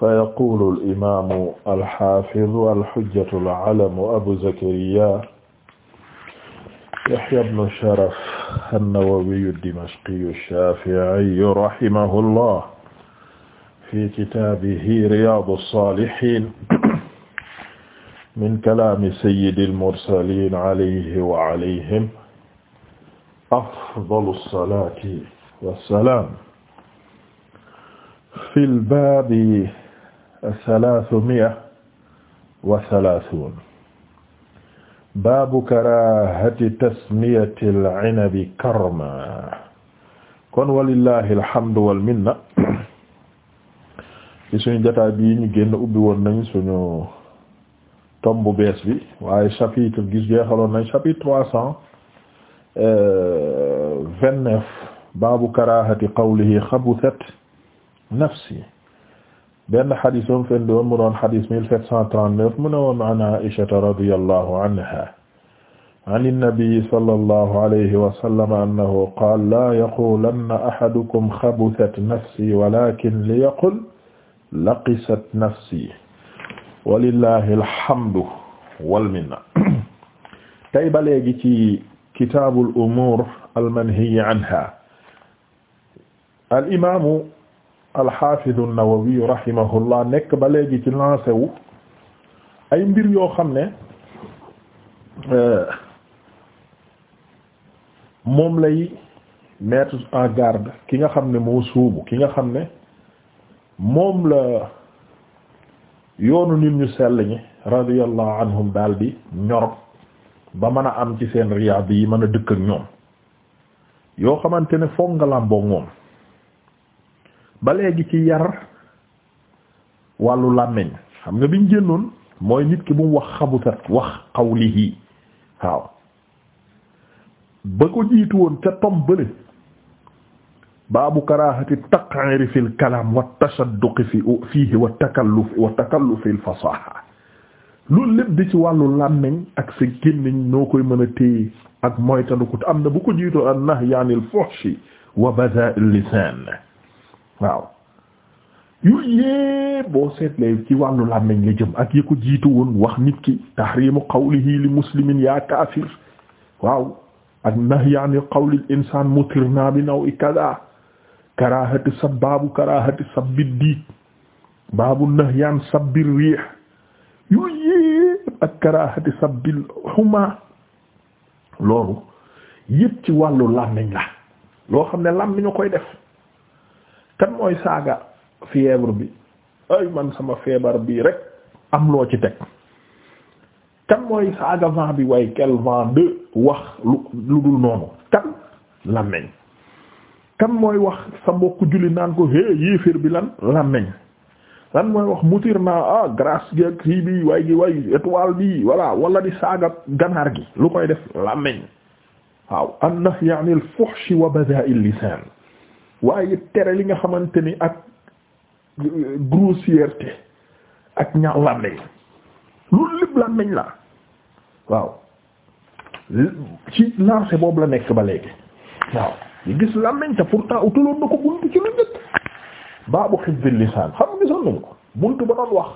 فيقول الإمام الحافظ الحجة العلم أبو زكريا يحيى بن شرف النووي الدمشقي الشافعي رحمه الله في كتابه رياض الصالحين من كلام سيد المرسلين عليه وعليهم أفضل الصلاة والسلام في الباب salaasu miya wa salaasuun baabu karaahati tasmiyatil inabi karma kon walillahi alhamdu wal minna ci suñu jotaay bii ñu génn ubbi woon nañ suñu tombu bees bi waaye chapitre gis jeexaloon nañ chapitre trois cent euh, vingt-neuf baabu karaahati qawlihi benn xadis ba mu fenn doon mu doon xadis 1739 mu ne woon an Aïchata radiyallahu anha an an-nabi sallallahu alayhi wa sallam annahu qaala laa yaqulanna ahadukum xabusat nafsi walaakin liyaqul laqisat nafsi walillahi alhamdu wal minna. tey ba léegi ci kitaabul umuur al-manhiyyi anhaa al imaamu alxaafidu Nawawi rahimahullah nekk ba léegi ci lancé wu ay mbir yoo xam ne euh, moom lay mettre en garde ki nga xam ne moo suubu ki nga xam ne moom la yoonu nit ñu sell ñi radiyallahu anhum daal di ñor ba mën a am ci seen riyaad yi mën a dëkk ak ñoom yoo xamante ne foog nga làmboog moom ba léegi ci yar wàllu làmmiñ xam nga biñ génnoon mooy nit ki bu mu wax xabutat wax qawlihi waaw ba ko jiitu woon ca tom bële baabu karahati taq'ir fi l wa tashadduq fi fiihi wa takalluf wa takalluf fi l fasaha di ci wàllu làmmiñ ak sa gémmiñ noo koy mën téye ak moytandu ko am na bu ko jiitoo an nahyi anil fuhshi wa badha'il lisan waaw yooyu yépp boo seetlee ci wàllu làmmiñ la jëm ak yi ko jiitu woon wax nit ki tahrimu qawlihi li muslimin yaa kaafir waaw ak nahyi an qawli al insaan mutirna bi naw i kada karahati sab baabu karahati sabbi diig baabu nahyi an sabbi riix yooyu yépp ak karahati sabbil xuma loolu yépp ci wàllu làmmiñ la loo xam ne làmmiñ a koy def kan mooy saaga fièvre bi ay man sama feebar bii rek am loo ci teg kan mooy saaga vent bi way quel vent de wax lu lu dul noonu kan làmmeñ kan mooy wax sa mbokk julli naan ko hé yéeféer bi lan làmmeñ lan mooy wax mutir naa ah grâce gi ak kii bi waay gi waay étoile bi voilà wala di saaga ganaar gi lu koy def làmmeñ waaw an nahyi anil fuhshi wa badha'il lisan waaye tere li nga xamante ni ak euh, grossièreté ak ñaaw làmmeñ loolu lépp làmmeñ la waaw ci lancé boobu la nekk ba léegi waaw li gis làmmeñ te pourtant utaloon na ko buntu ci lu njëkk baabu hifzil lisaan xam nga ba doon wax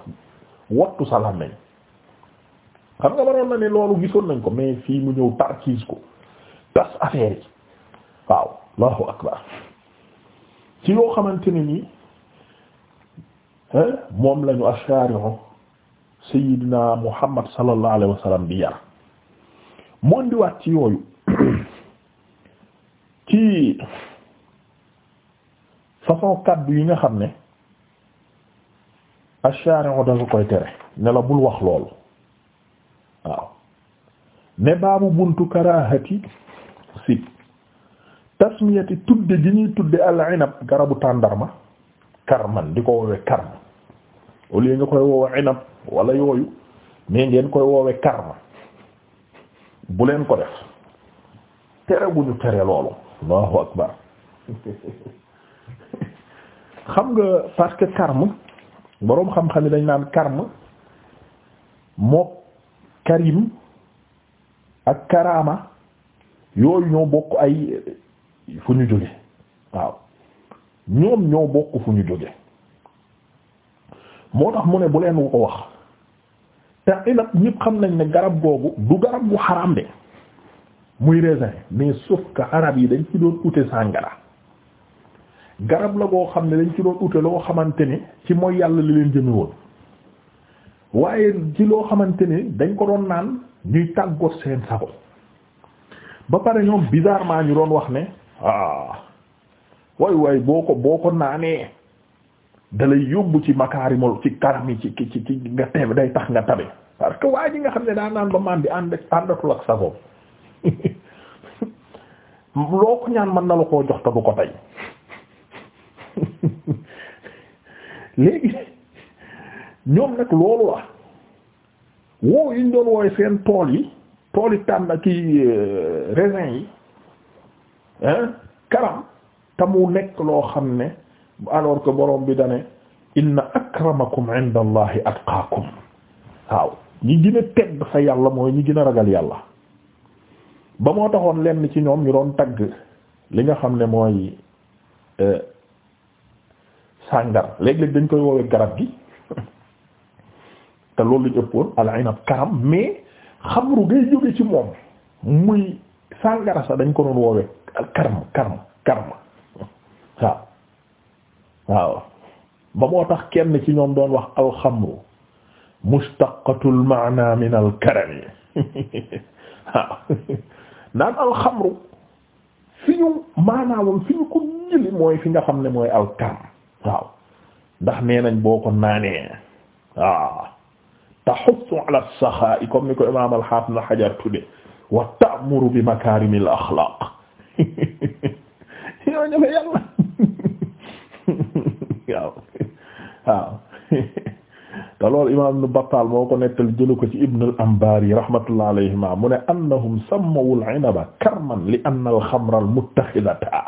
wattu sa xam nga waroon na ne loolu gisoon nañ ko mais fii mu ñëw tarkiis ko tas affaire waaw allahu akbar ci yoo xamante ne nii moom lañu asharihu sayyidina muhammad sallallahu alayhi wa sallam bi yar moo ndiwaat ci yooyu ci façon kaddu yi nga xam ne asharihu dafa koy tere ne bul wax loolu waaw ne baabu buntu karahati sib tasmiyati tudde gi ñuy tudde ala inab garabu tàndarma karman di ko woowee karma au lieu nga koy woowe inab wala ngeen koy woowe karma bu leen ko def tere bu ñu tere loolu allahu akbar xam nga parce que karm boroom xam-xam yi dañ naan karm moo karim ak karama yooyu ñoo bokk ay fu ñu jóge waaw ñoom ñoo bokk fu ñu jóge moo tax mu ne bu leen ko wax te inab ñëpp xam nañ ne garab googu du garab gu xaraam de muy raisin mais sauf que arab yi dañ ci doon ute sàngara garab la goo xam ne dañ ci doon ute loo xamante ni ci mooy yàlla li leen jëme woon waaye ci loo xamante ni dañ ko doon naan ñuy tàggoot seen sago ba pare ñoom bizarrement ñu doon wax ne Ah. waaw way way boo ko boo ko naanee dalay yóbbu ci makaarimol ci karam yi ci ci ci nga teeb day tax nga tabe parce que waa ji nga xam ne daa naan ba man di ànd àndatul ak sa bopp loo ko ñaan mën na la koo jox te du ko tey léegi ñoom nag loolu la woow yi doon wooy seen tool yi tool yi tànn ki euh, raisin yi karam te nekk loo xam ne alors que borom bi dane inna akramakum inda allahi atqaakum waaw ñi gën tedd fa yàlla mooy ñi gën a ragal yàlla ba moo taxoon lenn ci ñoom ñu doon tagg li nga xam ne mooy euh, sàngar léeg-léeg dañ koy woowee garab gi te loolu lañu ëppoon al inab karam mais xamru ngay jóge ci moom muy sàngara sa dañ ko doon woowee karm karm karm waaw ba moo tax kenn ci ñoom doon wax alxamru mustaqatul maana min alkarami waaw naan alxamru fi ñu maanaawam fi ñu ko jëli mooy fi nga xam ne mooy alkarm waaw ndax nee nañ boo ko naanee waaw taxussu ala saxaa comme ni imaam alxaafis na xajar tudde wa ta'muru bi makaarimil axlaaq yow ñu ko yàlla waaw waaw te loolu imaam Ibn Battal moo ko nettal jëlu ko ci Ibn al-Anbari rahmatullah alayhima mu ne annahum sammawu al-inaba karman li anna al-khamra al-muttakhidata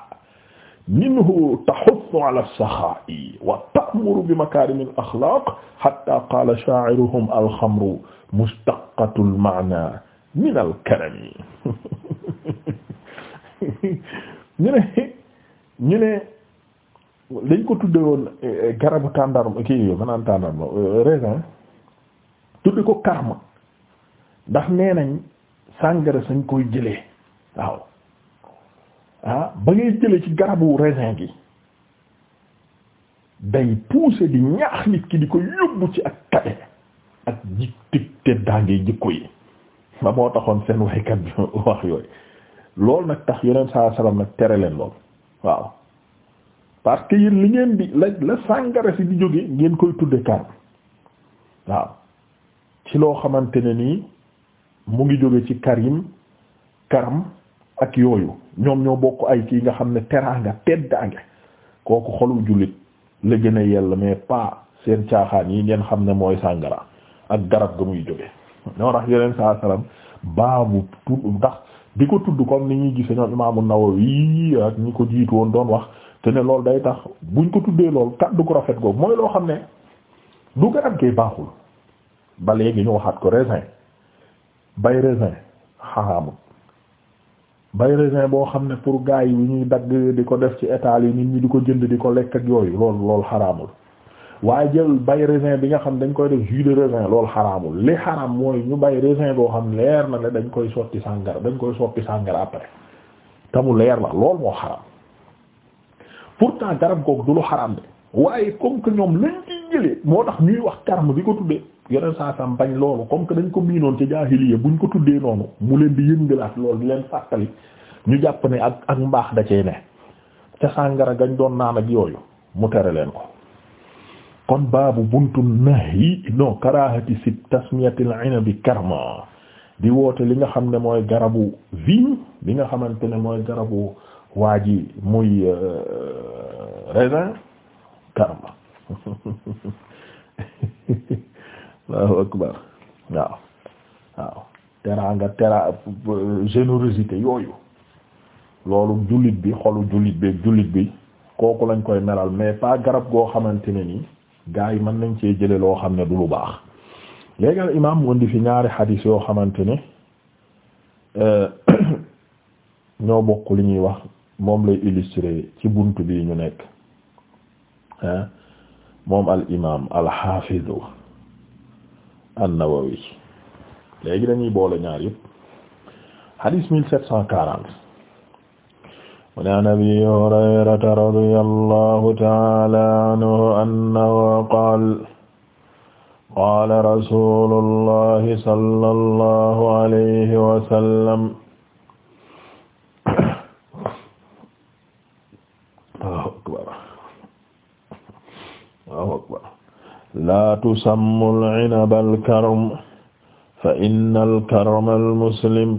minhu tahuthu ala as-sakha'i wa ta'muru bi makarim al-akhlaq hatta qala sha'iruhum al-khamru mushtaqqatu al-ma'na min al-karami ñu ne ñu ne dañ ko tudde woon eh, eh, garabu tàndarma kii yo tàndarma euh, euh, raisin tudde ko karma ndax nee nañ sàngara sañ koy jëlee waaw ah, ba ngay jëlee ci garabu raisin gi day pousser di ñaax nit ki di ko yóbbu ci ak kabe ak jik tig te daa ngay jikko yi ba moo taxoon seen waykat bi wax yooyu loolu nag tax yeneen saa salaam nag tere leen lool waaw parce que li ngeen di la la sàngara si di jóge ngeen koy tudde kar waaw ci loo xamante ne nii mu ngi jóge ci karim karam ak yooyu ñoom ñoo bokk ay kii nga xam ne teraa teraanga teddaange kooku xolu jullit la gën a yell mais pas seen caaxaan yi ngeen xam ne mooy sàngara ak garab ga muy jóge ñoo tax yeneen saa salaam baabu tu ndax di ko tudd comme ni ñuy gise ñoom imaamu yii ak ñu ko jiitu woon doon wax te ne loolu day tax buñ ko tuddee lool kaddu ko rafet googu mooy loo xam ne du garab gee baaxul ba léegi ñu waxaat ko raisin bay raisin xaraamut bay raisin boo xam ne pour gaay yi ñuy dagg di ko def ci étal yi nit ñi di ko jënd di ko lekk ak yooyu lool lool xaraamul waaye jël bay raisin bi nga xam dañ koy def jus de raisin loolu xaraamul li xaraam mooy ñu bay raisin boo xam leer na la dañ koy sotti sàngara dañ koy soppi sàngara après te mu leer la lool moo xaraam pourtant garab googu du lu xaraam de waaye comme que ñoom lañ ciy jëlee moo tax ñuy wax karm bi ko tuddee yeneen saa sam bañ loolu comme que dañ ko miinoon ci jaahiliya buñ ko tuddee noonu mu leen di yëngalaat loolu di leen fàttali ñu jàpp ne ak ak mbaax da cee ne ca gañ doon naan ak yooyu mu leen ko kon baabu buntu nahyi non karahati si tasmiyatil inabi karma di woote li nga xam ne mooy garabu vigne li nga xamante ne mooy garabu waa ji muy euh, raisin karma Allahu akbar waaw waaw teraanga tera générosité yooyu loolu jullit bi xolu jullit bi jullit bi kooku lañ koy melal mais pas garab goo xamante ne nii gaa yi mën nañ cee jële loo xam ne du lu baax léegi al imaam mu indi fi ñaari xadiis yoo xamante ne euh, ñoo bokk lu ñuy wax moom lay illustrer ci bunt bi ñu nekk moom al imaam al xaafidu an-Nawawi léegi dañuy boole ñaar yëpp xadiis mille sept cent an abi hurayrata radiyallahu ta'ala anhu annahu qaala qaala rasuulullahi sallallahu alayhi wa sallam Allahu akbar Allahu akbar laa tusammu al-'inaba al-karm fa inna al-karma al-muslim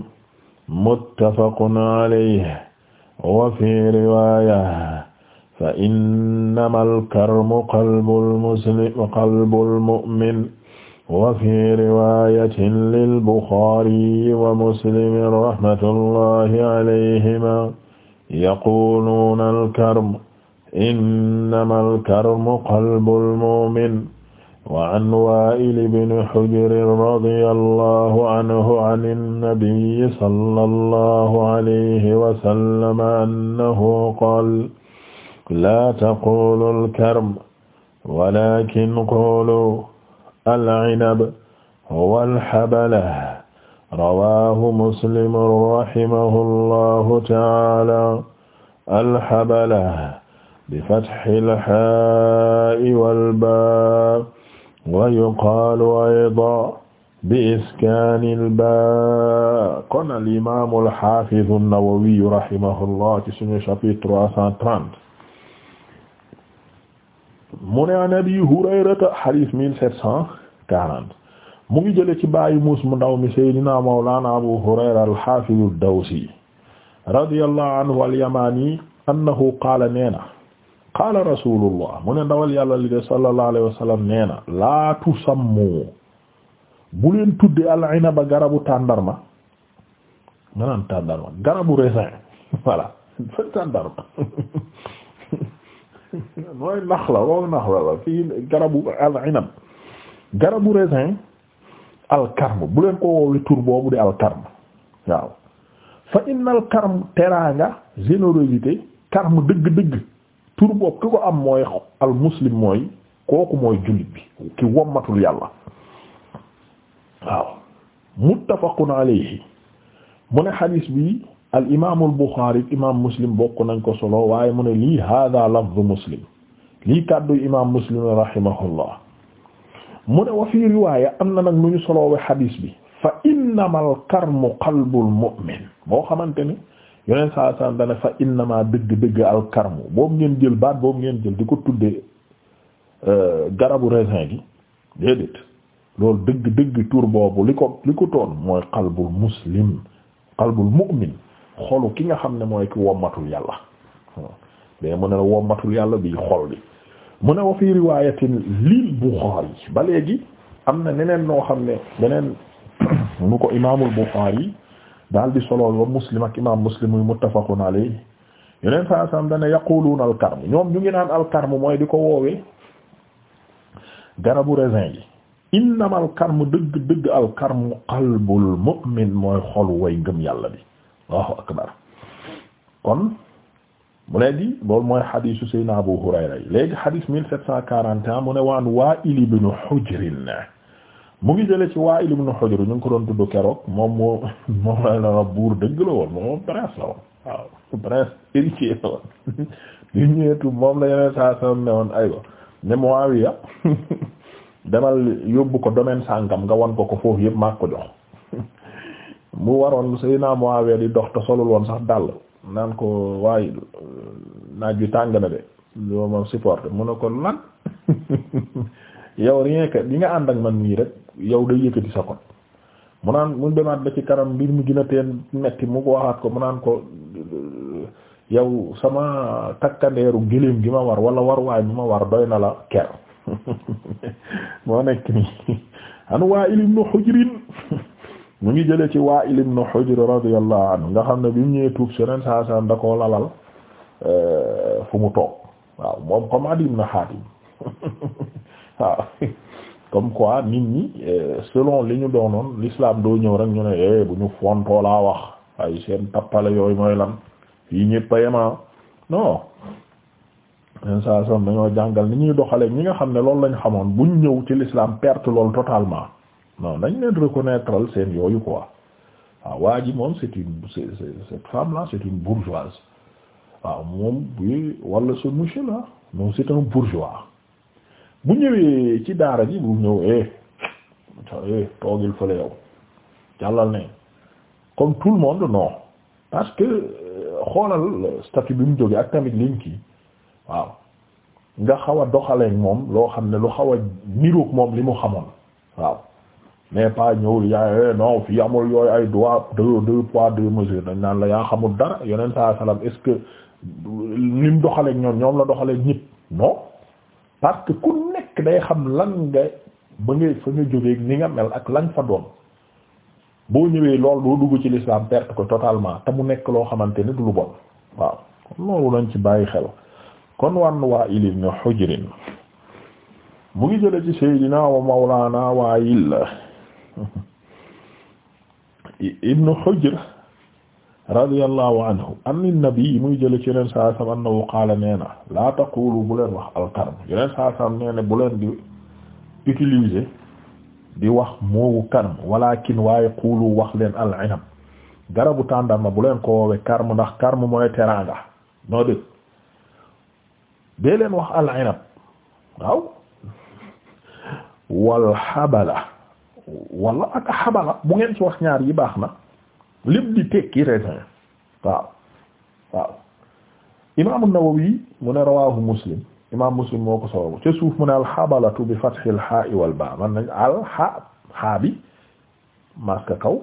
muttafaqun alayhi wa fi riwaya fa innama alkarmu qalbul muslim qalbul mu'min wa fi riwayatin lil buxaari wa muslim rahmatullahi alayhima yaquluuna alkarmu innama alkarmu qalbul mu'min وعن وائل بن حجر رضي الله عنه عن النبي صلى الله عليه وسلم أنه قال لا تقولوا الكرم ولكن قولوا العنب والحبلة رواه مسلم رحمه الله تعالى الحبلة بفتح الحاء والباء wa yuqaalu aydan bi iskaani al-baa kon al-imaam al-haafiz an-Nawawi rahimahullah ci suñu chapitre trois cent trente mu ne an Abi Hurayrata hadith mille sept cent quarante mu ngi jële ci baayu muus mu ndaw mi Seydina Mawlaana Abu Hurayra al-Haafiz ad-Dawsi radiyallahu anhu al-Yamaani annahu qaala nee na qaala rasulullah mu ne ndawal yàlla li de sallallahu alayhi laa tusammu bu leen tudde al inaba garabu tàndarma nga naan tàndarma garabu raisin voilà tàndarma mooy nax la woo nax la la fii garabu al inab garabu raisin al karm bu leen ko woowe tur boobu di al karm waaw fa innal karm teraanga générosité karm dëgg-dëgg tur boobu ki ko am mooy al muslim mooy kooku mooy jullit bi ki wommatul yàlla waaw muttafaqun alayhi mu ne xadiis bi al imaamul buxaari imaam muslim bokk nañ ko solo waaye mu li lii hada muslim lii kàddu imaam muslim rahimahullah mu ne wa fii riwaaya am na nag nu ñu soloowe xadiis bi fa innamal karmu qalbul mu'min boo xamante ni yeneen saa saan dana fa innama dëgg-dëgg alkarmu boobu ngeen jël baat boobu ngeen jël di ko tuddee euh, garabu raisin gi déedéet loolu dëgg-dëgg tuur boobu li ko li ko toon mooy qalbul muslim qalbul mu'min xolu ki nga xam ne mooy ki wommatul yàlla mais mu ne la wommatul yàlla bii xol bi mu ne wa fi riwaayatin lil Bukhari ba léegi am na neneen noo xam ne beneen mu ko imaamul Bukhari daal di solo wa muslim ak imam muslim muy muttafaqun alayhi yeneen saa saam dana yaquluuna alkarm ñoom ñu ngi naan alkarm mooy di ko woowee garabu raisin yi innama alkarm dëgg dëgg alkarm qalbul mu'min mooy xolu way ngëm yàlla bi allahu akbar kon mu léegi loolu mooy xadiisu sayna abu hurayra yi léegi xadiis mille sept cent quarante mu ne waan Waa'il ibn Hujr mu ngi jële ci Wa'il ibn Hujr ñu ngi ko doon tudd keroog moom moo moom la la buur dëgg la woon moom prince la woon waaw prince héritier la woon li ñëwetu moom la yeneen saa sam ne woon aywa ne Muawiya demal yóbbu ko domaine sàngam nga wan ko ko foofu yëpp maa ko jox mu waroon sëy naa Muawiya di dox te woon sax dàll naan ko waaye naaj bi tàng na de loo moom supporté mu ne ko lan yow rien que li nga ànd ak man nii rek yow day yëkkati sa kot mu naan mu demaat ba ci kanam mbir mi gën a mu ko waxaat ko mu naan ko yow sama takkandeeru gëléem gi ma war walla war waay bi ma war doy na la ker moo nekk nii ngi jële ci Wa'il ibn Hujr radiyallahu anhu nga xam ne bi mu ñëwee tuub seneen saa saa da koo lalal eh, fu mu toog waaw moom comme Adi ibn Hatim waaw comme quoi nit ñi euh, selon li ñu doonoon lislaam doo ñëw rek ñu ne eh bu ñu fontoo laa wax ay seen tappale yooyu mooy lan fii ñëpp a yema ah. non saa son dañoo jàngal ni ñuy doxalee ñi nga xam ne loolu lañ xamoon buñ ñëw ci l'islam perte loolu totalement non dañ leen reconnaître seen yooyu quoi waaw ah, waa ji moom c'est une c'est cette femme là c'est une bourgeoise waaw ah, moom bu wala ce monsieur là moom c'est un bourgeois. bu ñëwee ci daara ji bu ñëw eh eh toogil fële yow jàllal ne comme tout le monde non parce que euh, xoolal statut bi mu jógee ak tamit liñ kii waaw nga xaw a doxaleeg moom loo xam ne lu xaw a niroog moom li mu xamoon waaw mais pas ñëwul yaa eh, non fii amul yooyu ay droit deux deux poids deux mesures dañ naan la yaa xamul dara yeneen saa salaam est-ce que ni euh, mu ñoom ñoom la doxaleeg ñëpp non parce que nekk day xam lan nga ba ngay fa nga jógeeg ni nga mel ak lan fa doon boo ñëwee lool doo dugg ci l'islam perte ko totalement te mu nekk loo xamante ni du lu bon waaw loolu lañ ci bàyyi xel kon wan Wa'il ibn Hujr mu ngi jële ci Seydina wa Mawlana Wa'il ibn Hujr radiyallahu anhu anni nabi muy jële ci yeneen saa sam annahu qaala nee na laa taqulu bu leen wax alkarm yeneen saa sam nee bu leen di utiliser di wax moowu karm walakin waaye quulu wax leen al inab garabu tàndarma bu leen ko woowe karm ndax karm mooy teraanga noo dëgg dee leen wax al inab waaw wal xabala wala ak xabala bu ngeen ci wax ñaar yi baax na lépp di tekki raisin waaw waaw imaamu Nawawi mu ne rawaahu Muslim imaam Muslim moo ko sawabu ca suuf mu ne alxabalatu bi fathil xaa'i wal baa man nañ alxa xaa bi maska kaw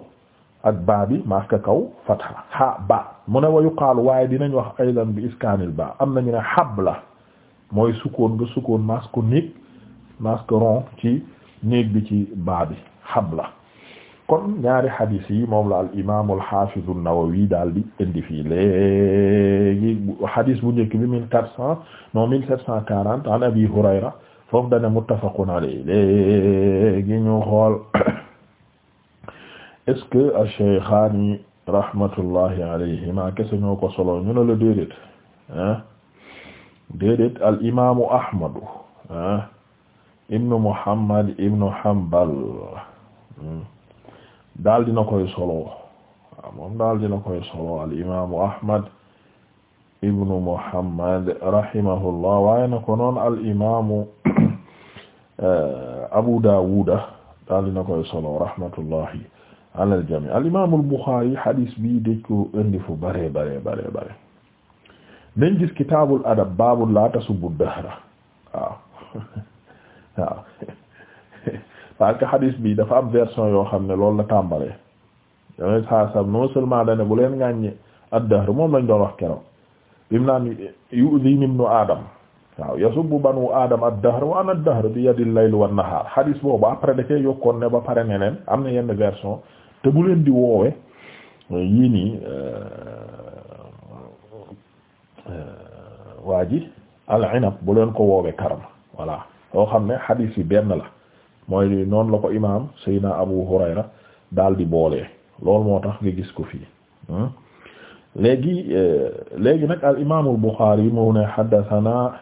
ak baa bi maska kaw fatha xaa ba mu ne wa yuqaalu waaye dinañ wax aydan bi iskaanil baa am ñu ne la mooy sukkoon nga sukkoon maska néeg maska ron ci néeg bi ci baa bi la kon ñaari hadith yi moom la al imaam al nawawi daal di indi fii léegi bu njëkk bi mille quatre cent non mille sept cent quarante Abi Hurayra foofu dana muttafaqun alayhi léegi ñu xool est-ce que ash-shaykhaani rahmatullahi alayhima kese ko solo ñu ne al imaamu Ahmadu ah Muhammad ibnu Hanbal. Hmm? daal dina koy solo waaw daal dina koy solo al imaamu Ahmad ibnu Muhammad rahimahullah waaye na ko noon al imaamu eh, Abu Daawuda daal dina koy solo rahmatullahi al jamii al Buxaari hadis bi dëj ko fu bare bare bare bare dañ gis adab baabul laa tasubbu dahra parce que xadis bi dafa am version yoo xam ne loolu la tàmbalee yoneen saa sam non seulement bu leen gàññe ad moom lañ doon wax keroog bimu naan yu'dhi ibnu adam waaw yasubbu banu adam ad-dahr wa ana ad bi yadi al-layl wa an boobu après da yokkoon ne ba pare ne leen am na yenn version te bu leen di woowe yii nii waa ji al-inab bu leen ko woowe karma voilà loo xam ne xadis yi benn la mooy noonu la ko imaam Seydina Abu Hurayra daal di boole loolu moo tax nga gis ko fii hmm? léegi euh, léegi nag al imaamul Bukhari mu ne haddathana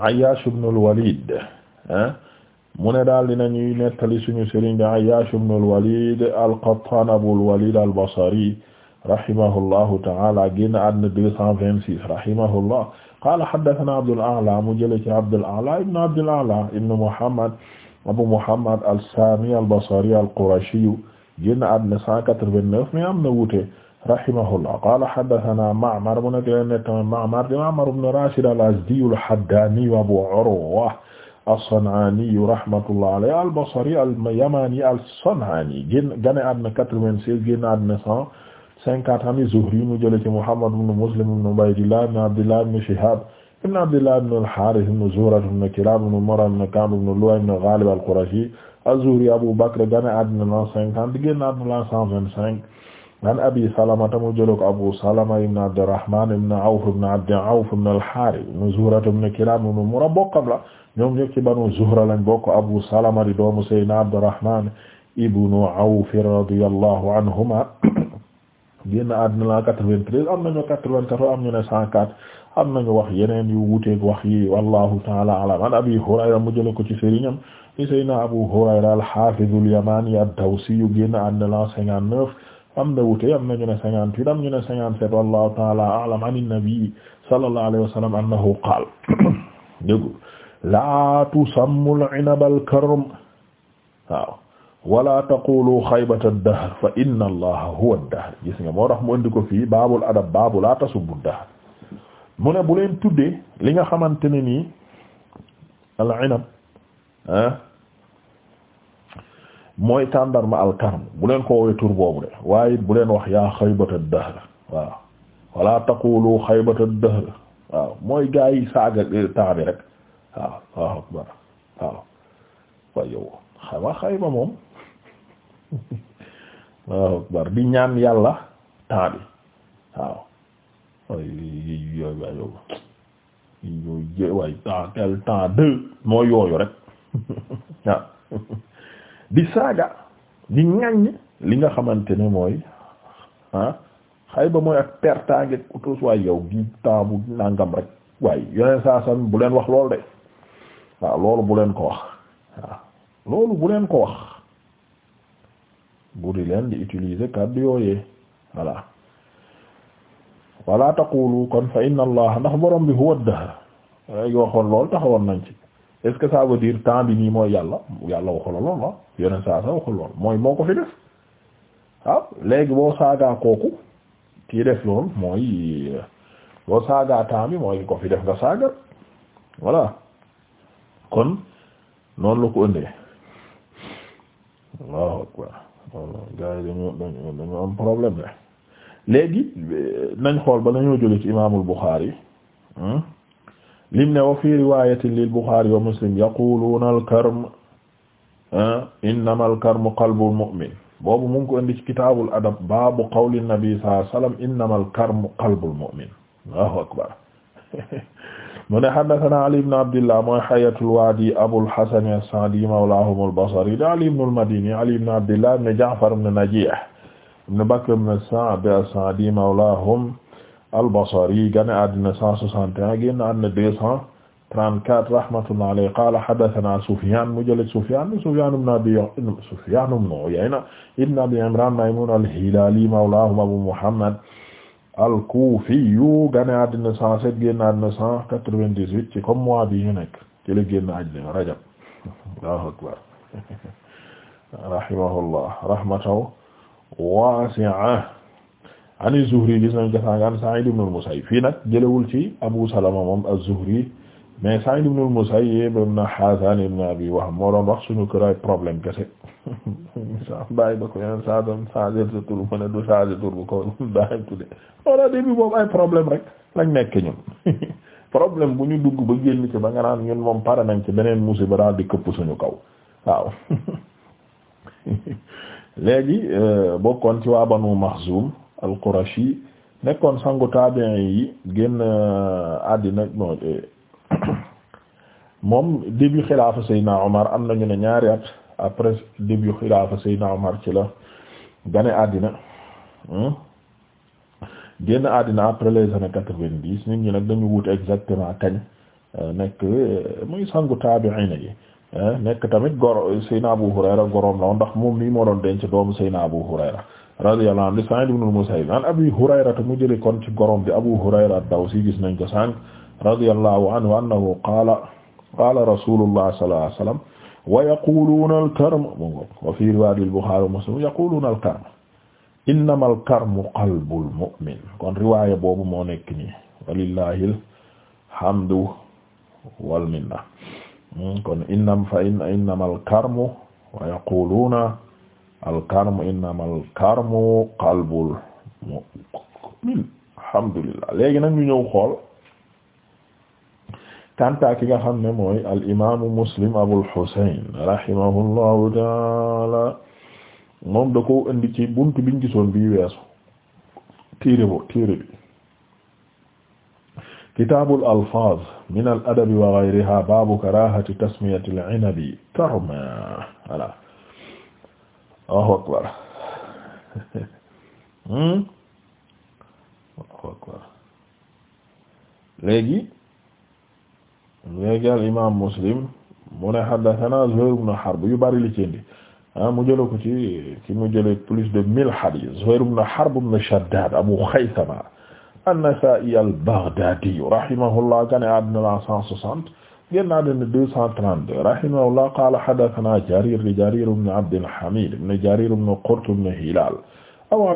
Ayyash ibn al-Walid mu ne daal dinañuy nettali suñu sëriñ bi Ayyash ibn al-Walid al-Qattan Abu al-Walid al-Basri rahimahullahu ta'ala génn àdduna 226 rahimahullah qala haddathana Abdul A'la mu jële ci Abdul A'la ibn Abdul A'la ibn Muhammad Abu Muhammad al-Sami al-Basri al-Qurashi génn àddina 189 mi am na wuute rahimahullah qala haddathana Ma'mar mu nekk leen nettama Ma'mar di Ma'mar ibn Rashid al-Azdi al-Haddani Abu Urwa as-San'ani rahmatullah alayhi al-Basri al-Yamani as-San'ani génn gane àddina 96 génn àddina 150 ami Zuhri mu jële ci Muhammad ibn Muslim ibn Ubaydillah ibn Abdillah ibn Shihab ibn Abdillah ibn al-Harith ibn Zuhra ibn Kilab ibn Murra ibn Ka'b ibn Lu'ay ibn Ghalib al-Qurashi az-Zuhri Abu Bakr gane àddina la cinquante génn àddina la cent vingt-cinq an Abi Salama tamu jël ko Abu Salama ibn Abdurrahman ibn Awf ibn Abd Awf ibn al-Harith ibn Zuhra ibn Kilab ibn Murra bokkam la ñoom ñëpp ci Banu Zuhra lañ bokk Abu Salama di doomu Sayyidina Abdurrahman ibn Awf radiyallahu anhuma génn àddina la quatre-vingt-treize am nañu quatre-vingt-quatre am ñu ne cent quatre am nañu wax yeneen yu wuteeg wax yi wallahu taala alam an abi hurayra mu jëla ko ci sëriñam i sayna abu hurayra alhafizul yamani ad-dawsi yu génn àddina la cinquante-neuf am na wute am nañu ne cinquante-huit am ñu ne cinquante-sept wallahu taala alam an nabi sallallahu alayhi wa sallam annahu qaal déggu la tusammul inab al-karm waaw wala taqulu xaybata ad-dahr fa inna allaha huwa ad-dahr gis nga moo tax mu andi ko fii baabul adab baabu la tasubbu ad-dahr mu ne bu leen tuddee li nga xamante ne nii al inab ah, mooy tàndarma al karm bu leen ko woowee boobu de waaye bu leen wax yaa xaybata dahr waaw wala taqulu xaybata dahr waaw mooy gaa yi saaga eh, temps bi rek waaw waaw akbar waaw yow xama xayba moom waaw akbar ñaan yàlla temps waaw ay yooyu waay yow temps deux moo yooyu rek waaw di saaga di ñàññ li nga xamante ni mooy ah xay ba mooy ak pertange kutus waay yow di temps bu nàngam rek waaye yoneen saa san bu leen wax loolu de waaw loolu bu leen ko wax waaw loolu bu leen ko wax bu di leen di utiliser kàddu yooyee voilà wala taqulu kon fa inna allah ndax borom bi huwa ad-dahr waxoon lool taxawoon nañ ci est-ce que ça veut nii mooy yàlla yàlla waxu la lool ah yeneen saa sa lool mooy moo ko fi def waaw ah, léegi boo saagaa kooku kii def lool mooy boo saagaa temps bi mooy ko fi def nga saagar voilà kon noonu la ko ëndee allahu akbar dañu dañu dañu am problème léegi nañ xool ba nañoo jóge ci imaamul Buxaari hmm? lim ne wa fi riwaayatin lil Buxaari wa Muslim yaquluuna al karm hmm? innama al karmu qalbul mu'min boobu mu ngi ko indi ci kitaabul adab baabu qawli nabi sallallahu alayhi wasallam innama al karmu qalbul mu'min Allahu akbar mu ne haddathana Ali ibn Abdillah mooy hayatul waadi Abul Hasan as-Sa'di mawlaahum al-Basri Ali ibn al-Madini Ali ibn Abdillah ibn Ja'far ibn Najih ibn Bakr ibn Sa'd as-Sa'di mawlahum al-Basri gane àddina 161 génn àddina 234 rahmatullahi alayhi qaala haddathanaa Sufyaan mu jële Sufyaan Sufyaan ibn Abi Sufyaan ibn Uyayna ibn Abi Imraan Maymuun al-Hilaali mawlaahum Abu Muhammad al-Kuufi gane àddina 107 génn àddina 198 ci comme mois bi ñu nekk ci la génn àddina Rajab Allahu akbar rahimahullah rahmatahu wasi'a an az-Zuhri gis nañ gasanga an Sa'id ibn al-Musayyib fii nag jëlewul ci Abu Salama moom az-Zuhri mais Sa'id ibn al-Musayyib ibn Hazan ibn Abi Wahb moo doon wax suñu kër ay problème kese bàyyi ba ko saa sadam changer sa tur mu ne du changer tur bu ko daay tudde wala début boobu ay problème rek lañ nekk ñun problème bu ñu dugg ba génn ci ba nga naan ñun moom pare nañ ci beneen musiba daal di këpp suñu kaw waaw léegi euh, bokkoon ci waa Banu Maxzum al-Qurashi nekkoon sangu taabi'in yi génn euh, àddina euh, moom début xilaafa Seydina Omar am na ñu ne ñaari at après début xilaafa Seydina Omar ci la gane àddina hmm? génn àddina après les années quatre-vingt-dix nit ñi nag dañu wut exactement kañ nekk muy sangu taabi'in yi Eh, nekk tamit goro Seyna Abu Hurayra goroom la woon ndax moom mii moo doon denc doomu Seyna Abu Hurayra radiyallahu anhu Sa'id ibn al-Musayyib an Abi Hurayra mu jëlee kon ci goroom bi Abu Hurayra ad-Dawsi gis nañ ko sànq radiyallahu anhu annahu qaala qaala rasulullah sallallahu alayhi wasallam wa yaquluuna al-karm wa fi riwaayati al-Bukhari wa Muslim yaquluuna al-karm innama al-karmu qalbul mu'min kon riwaaya boobu moo nekk nii walillahi alhamdu wal minna Hmm, kon innam fa innama alkarmu wa yaquluuna alkarmu innama alkarmu qalbul mu'min alhamdulillah léegi nag ñu ñëw xool kanta ki nga xam ne mooy alimamu muslim abul husayn rahimahullahu taala moom da ko indi ci buntu biñ gisoon bi weesu téere bo téere bi kitaabul alfaaz minal adabi wa ghayrihaa baabu karaahati tasmiyatil inabi karma voilà Allahu akbar hmm? Allahu akbar léegi léegi al imaam Muslim mu ne haddathanaa Zuhayr ibn Harb yu bari li ci indi ah mu jëlee ko ci ki mu jëlee plus de mille hadith Zuhayr ibn Harb ibn Shaddaad Abu Khaythama an-Nasaa'i al-Baghdaadi rahimahullah gane àddina la 160 génn àddina 232 rahimahullah qaala haddathanaa Jariir di Jariir ibn Abdil Hamiid ibn Jariir ibn Qurt ibn Hilaal